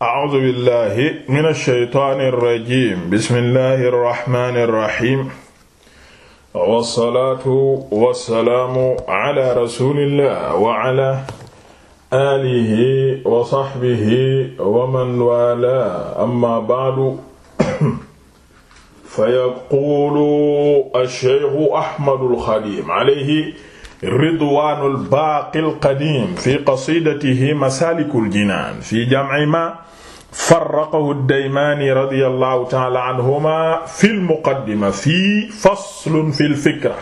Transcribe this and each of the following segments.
a'uuzu billahi mina shaytaani rajiim bismillahi rahmaani rahiim wasalaatu wasalaamu ala rasulillah wa ala aalihi wa sahbihi wa man waalaahu amma ba'du fa yaquulu ash-shaykhu Ahmadul Xadiim alayhi ridwaanul baaqil qadiim fi qasiidatihi masaalikul jinaan fi jam'i maa farraqahu ad-Daymaani radiyallahu ta'aala anhumaa fil muqaddima fii faslun fil fikra.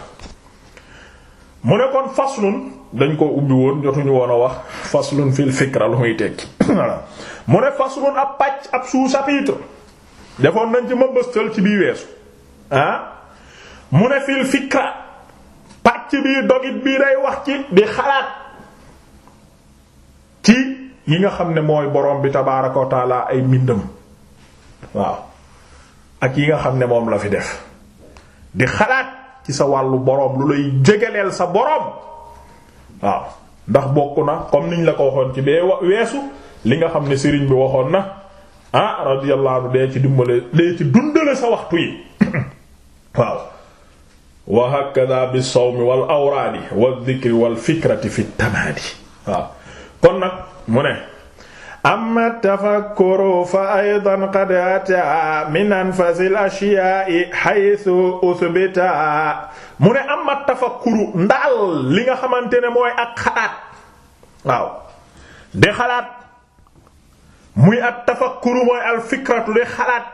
kon faslun dañ ko ubbi woon jotuñu woon a wax faslun fil defoon nañ ci ma bëstal ci bii weesu ah mu ne ci biir dogit bii day wax ci di xalaat ci yi nga xam ne mooy borom bi tabaaraka wa ay mbindam waaw ak yi nga xam ne moom la fi def di xalaat ci sa wàllu boroom lu lay jegeleel sa boroom waaw ndax bokk na comme niñ la ko waxoon ci bee weesu li nga xam ne sëriñ bi waxoon na ah radiyallahu dee ci dimbale dee ci dundale sa waxtu yi waaw wa hakada bi sawmi wal awraadi wal dhikri wal fikrati fi tamaadi waaw kon nag mu ne amma tafakkuru fa aydan qad ata min anfasil ashiya'i haythu uthbita mu ne amma tafakkuru ndaal li nga xamante ne mooy ak xalaat waaw di xalaat muy at tafakkuru mooy al fikratu di xalaat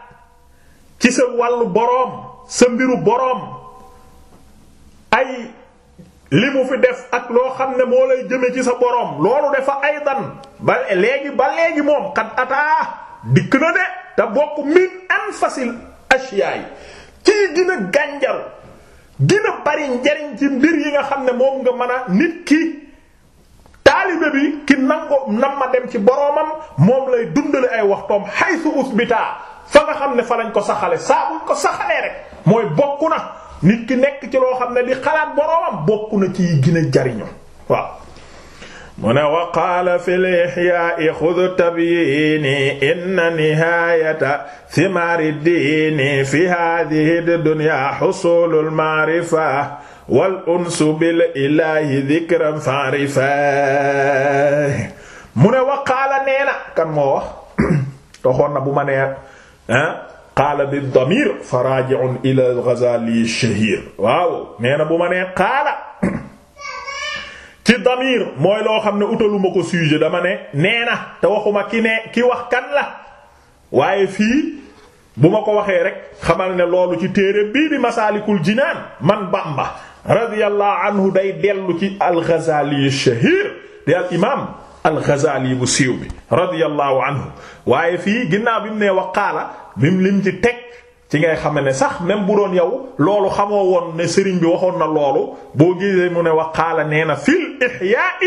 ci sa wàllu boroom sa mbiru boroom ay li mu fi def ak loo xam ne moo lay jëme ci sa boroom loolu defa aydan ba léegi ba léegi moom xat ataa dikk na ne te bokk min anfasil ashiyaay ci gën a gànjaru gën a bari njariñ ci mbir yi nga xam ne moom nga mën a nit ki taalibe bi ki nango nam ma dem ci boroomam moom lay dundale ay waxtoom haythu usbita fa nga xam ne fa lañ ko saxale saa ko saxalee rek mooy bokku na nit ki nekk ci loo xam ne di xalaat boroomam bokk na ci gën a jariñu waaw mu ne wa qaala fi lixyaai xud tabyini inna nihayata thimari diini fi hadihi dunya xusulu lmaarifa wal unsu bil ilahi dikran farifa mu ne wa qaala nee na kan moo wax toxoon na bu ma nee ah qaala bi damir fa raji'un ila ghazali shahir waaw nee na bu ma nee qaala ci damir mooy loo xam ne utaluma ko sujet dama ne nee na te waxuma ki ne ki wax kan la waaye fii bu ma ko waxee rek xamal ne loolu ci téere bii di masaalikul jinaan man Bamba radiyallahu anhu day dellu ci al-Ghazali shahir di al imam al-Ghazali bu siiw bi radiyallahu waaye fii ginnaaw bi mu nee wa qaala bim lim ci teg ci ngay xam ne sax même bu doon yow loolu xamoo woon ne sëriñ bi waxoon na loolu boo gisee mu ne wa nee na fil Ihyaa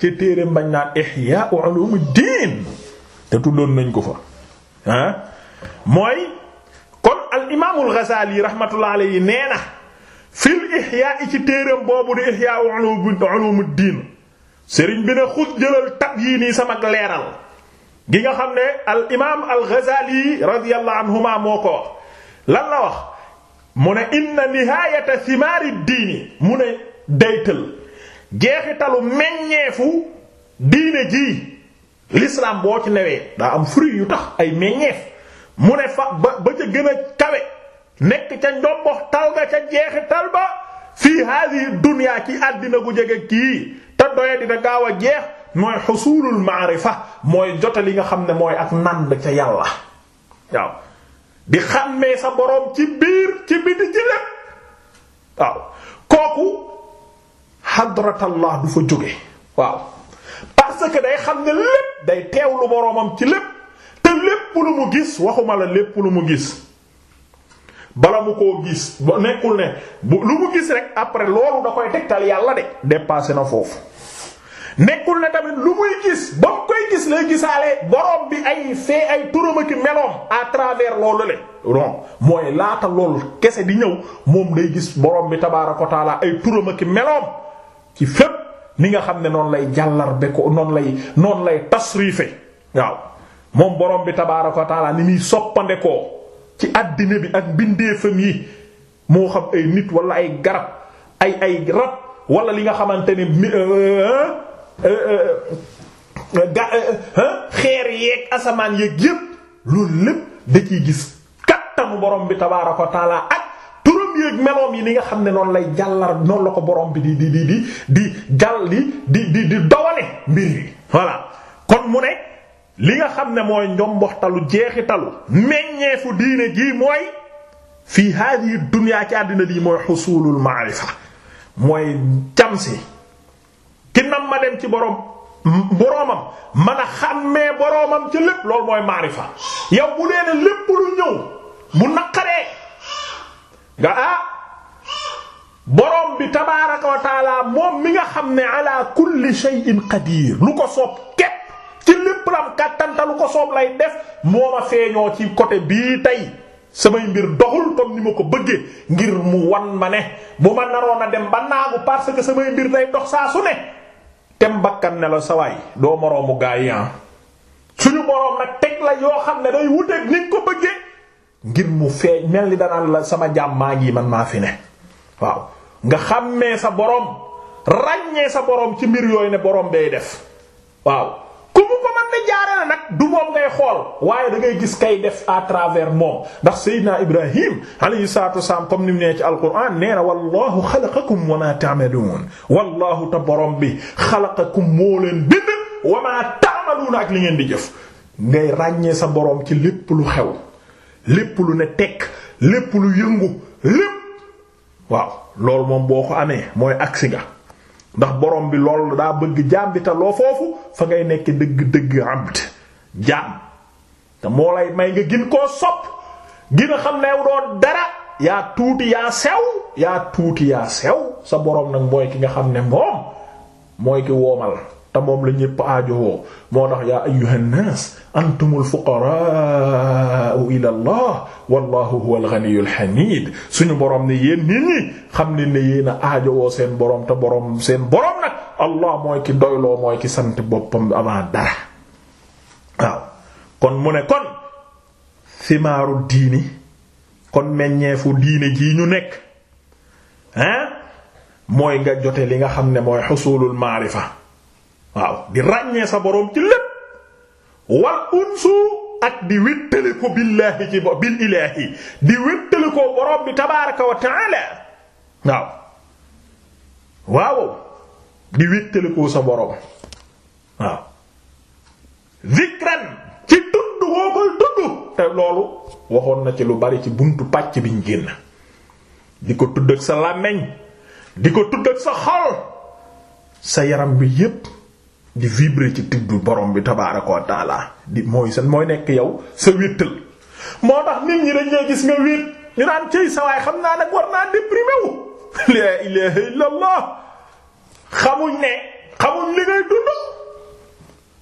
ci téere bañ naan Ihyaa ulumuddin te tuddoon nañ ko fa ah. mooy kon al imaamul Ghazali rahmatullahi alayhi nee na fil Ihyaa ci téereem boobu di Ihyaa ulumuddin sëriñ bi ne xut jëlal tab yii nii sama leeral gi nga xam ne al imaam al Ghazali radiyallahu moo ko wax lan la wax mu ne inna nihaayata simaari diini mu ne daytal jeexitalu meññeefu diine jii l'islam boo ci newee daa am fruit yu tax ay meññeef mu ne fa ba ba ca gën a kawe nekk ca njombox tal ga ca jeexital ba fii haadihi dunya ci àddina gu jege kii te doye dina gaaw a jeex mooy xusulul maarifa mooy jote li nga xam ne mooy ak nand ca yàlla waaw di xàmmee sa boroom ci biir ci biti ci lépp waaw kooku xadratallah du fa jóge waaw parce que day xam ne lépp day teewlu boroomam ci lépp te lépp lu mu gis waxuma la lépp lu mu gis bala mu koo gis ba nekkul ne bu lu mu gis rek après loolu da koy tegtal yàlla de dépassé na foofu nekkul ne tamit lu muy gis ba koy gis lay gisaale borom bi ay fee ay turam ak meloom à travers loolu le ron mooy laata loolu kese bi ñëw moom day gis borom bi tabaaraka wa taala ay turam ak meloom ci fépp ni nga xam ne noonu lay jàllar be ko noonu lay noonu lay tasriife waaw moom borom bi tabaaraka wa taala ni muy soppande ko ci àddina bi ak mbindeefam yi moo xam ay nit wala ay garab ay ay rab wala li nga xamante ne euh, euh, euh, ga xeer yeeg asamaan yeeg yépp loolu lépp da ciy gis kattanu borom bi tabaaraka wa taala ak turam yeeg meloom yi ni nga xam ne noonu lay jàllar noonu la ko borom bi di di di di di jàll di di mbir yi voilà kon mu ne. li nga xam ne mooy njomboxtalu jeexitalu meññeefu diine jii mooy fii hadihi dunya ci àddina lii mooy xusulul maarifa mooy jamsi ki nam dem ci borom boroomam man a xàmmee boroomam ci lépp loolu mooy maarifa yow bu leen lépp lu ñëw bu naqaree nga ah boroom bi tabaaraka wa moom mi nga xam ne ala kulli shay'in qadir lu ko soob képp lépp la kàttantalu ko soob lay def moo ma feeñoo ci côté bii tey samay mbir doxul comme ni ma ko bëggee ngir mu wan ma ne bu naroon a dem ba parce que samay mbir day dox saa su ne tem bakkan ne la sawaay doo moroomu gaay ah. suñu moroom teg la yoo xam ne day ko bëggee ngir mu feeñ mel ni danaan la sama jàmm maa ngi man maa fi ne waaw nga xàmmee sa boroom ràññee sa boroom ci mbir yooyu ne boroom bay def waaw nag du moom ngay xool waaye da ngay gis kay def à travers moom ndax Seydina Ibrahim alayhi salaatu wasalaam comme ni mu nee ci alquran nee na wallahu xalaqakum wa ma ta'malun wallahu te borom bi xalaqakum moo leen bind wa ma ta'malun ak li ngeen di jëf ngay ràññee sa borom ci lépp lu xew lépp lu ne tekk lépp lu yëngu lépp waaw loolu moom boo ko amee mooy agsi nga ndax borom bi loolu daa bëgg jaam bi foofu fa ngay nekk dëgg dëgg abd jaam te moo lay may nga gin koo sopp gin a xam ne yow doo dara yaa tuuti yaa sew yaa tuuti yaa sew sa boroom nag mooy ki nga xam ne moom mooy ki woomal te moom la ñépp aajowoo moo tax yaa ayyuhan nas antumul fuqaraa'u ila allah suñu boroom ne yéen nit ñi seen boroom te boroom seen boroom nag allah mooy ki doyloo mooy ki sant boppam amaa dara kon mu ne kon simaaru diini kon meññeefu diine ji ñu nekk hein mooy nga jote li nga xam ne mooy xusulul maarifa waaw di ràññee sa boroom ci lépp war unsu ak di wéttali billaahi ci bil ilaahi di wéttali boroom bi tabaaraka wa waaw waaw di wéttali sa boroom waaw te loolu waxoon na ci lu bari ci buntu pàcc bi biñ génn di ko tudd ak sa làmmiñ di ko tudd ak sa xol sa yaram bi yépp di vibrer ci tudd borom bi tabaaraka wa di mooy sa mooy nekk yow sa wéttal moo tax nit ñi dañ gis nga wét ñu naan cëy sa waay xam naa nag war naa déprimer wu la ilaha illallah xamuñ ne xamuñ li ngay dund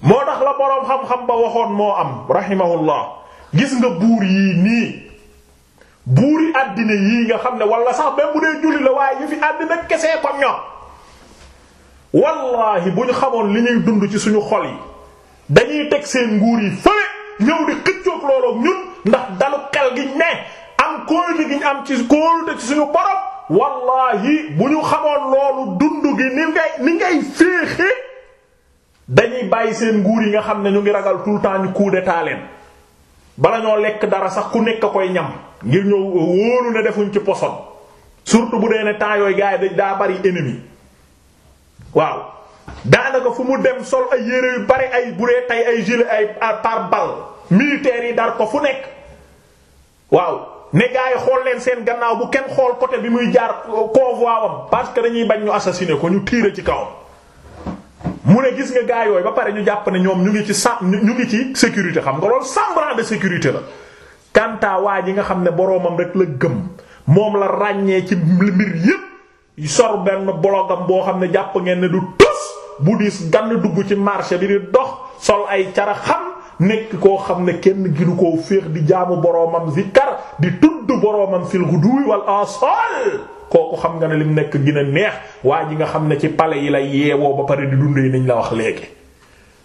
moo tax la boroom xam-xam ba waxoon moo am rahimahullah gis nga buur yii nii buur yi àddina yii nga xam ne wala sax même mu dee julli la waaye ñu fi àddina kesee ko ñoom wallaahi bu ñu xamoon li ñuy dund ci suñu xol yi dañuy teg seen nguur yi fële ñëw di xëccoog looloo ñun ndax dalu xel gi ne am kóolute gi ñu am ci kóolute ci suñu borom wallaahi bu ñu xamoon loolu dund gi ni ngay ni ngay féexe dañuy bàyyi seen nguur yi nga xam ne ñu ngi ragal tout le temps ñu coup d'état bala ñoo lekk dara sax ku nekk koy ñam ngir ñëw wóolu ne defuñ ci poson surtout bu dee ne temps yooyu gars daa bari ennemi waaw daanaka fu mu dem sol ay yére yu bari ay bu dee tay ay gilet ay par balle militaires yi dar ko fu nekk waaw ne gars yi xool leen seen gannaaw bu kenn xool côté bi muy jaar convoi am parce que dañuy bañ ñu assassiner ko ñu tiire ci kawam. mu ne gis nga gaa yooyu ba pare ñu jàpp ne ñoom ñu ngi ci sa ñu ngi ci sécurité xam nga loolu semblant de sécurité la kanta waa ji nga xam ne boroomam rek la gëm moom la ràññee ci mbir yépp sor benn bologam boo xam ne jàpp ngeen ne du tus bu diis gann dugg ci marché bi di dox sol ay cara xam nekk koo xam ne kenn ginu koo féex di jaamu boroomam zikar di tudd boroomam fil ghuduwi en asal kooku xam nga ne lim nekk gën a neex waa ji nga xam ne ci pale yi la yeewoo ba pare di dundee nañ la wax léegi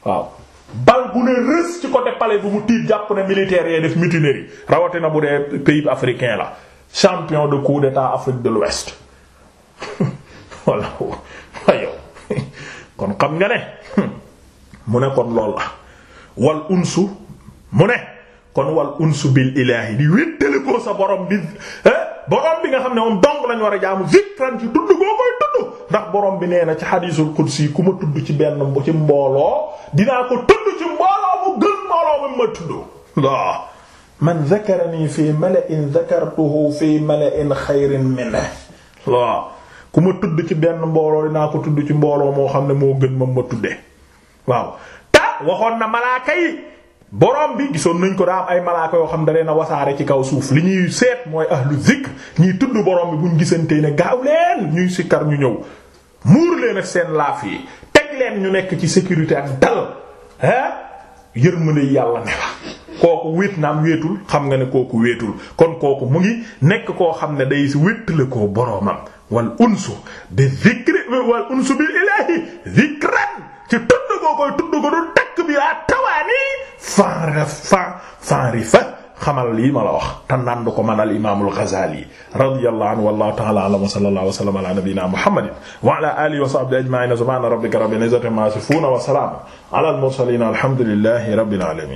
waaw bal bu ne rës ci côté palais bu mu tiit jàpp ne militaires yee def mutinerie rawatina bu dee pays africain la champion de coup d'état Afrique de l'Ouest voilà waaye kon xam nga ne mu ne kon lool la wal unsu mu ne kon wal unsu bil ilaahi di wéttale sa borom bi eh? borom bi nga xam ne moom dong lañ war a jaamu zikran ci tudd goo koy tudd ndax borom bi nee na ci xadiisul qudsi ku ma tudd ci benn mbo ci mbooloo ko tudd ci mbooloo mu gën mbooloo mi ma tudd waaw man zakarani fii mala'in zakartuhu fii mala'in ku ma tudd ci benn mbooloo dinaa ko tudd ci mbooloo moo xam ne moo gën ma ma tudde waaw ta waxoon na malaaka yi borom bi gisoon nañ ko daa ay malaaka yoo xam da leen a wasaare ci kaw suuf li ñuy seet mooy ahlu zikr ñuy tudd borom bi buñ gisantee ne gaaw leen ñuy sikkar ñu ñëw muur leen ak seen laaf yi teg leen ñu nekk ci sécurité ak dal ah yërmande yàlla ne la kooku wéet naam wéetul xam nga ne kooku wéetul kon kooku mu ngi nekk koo xam ne day wéttale koo boromam wal unsu bi zikri wal unsu bil ilaahi taraffa fa'rifa xamal lii ma la wax te nànd ko man al imaamul Ghazali radiyallahu anhu wallahu ta'ala a'lam wa sallallahu wa sallama ala nabiyyina muhammadin wa ala alihi wa sahbihi ajma'in subhana rabbika rabbil izzati amma yasifun wa salamun ala al mursalin alhamdulillahi rabbil alamin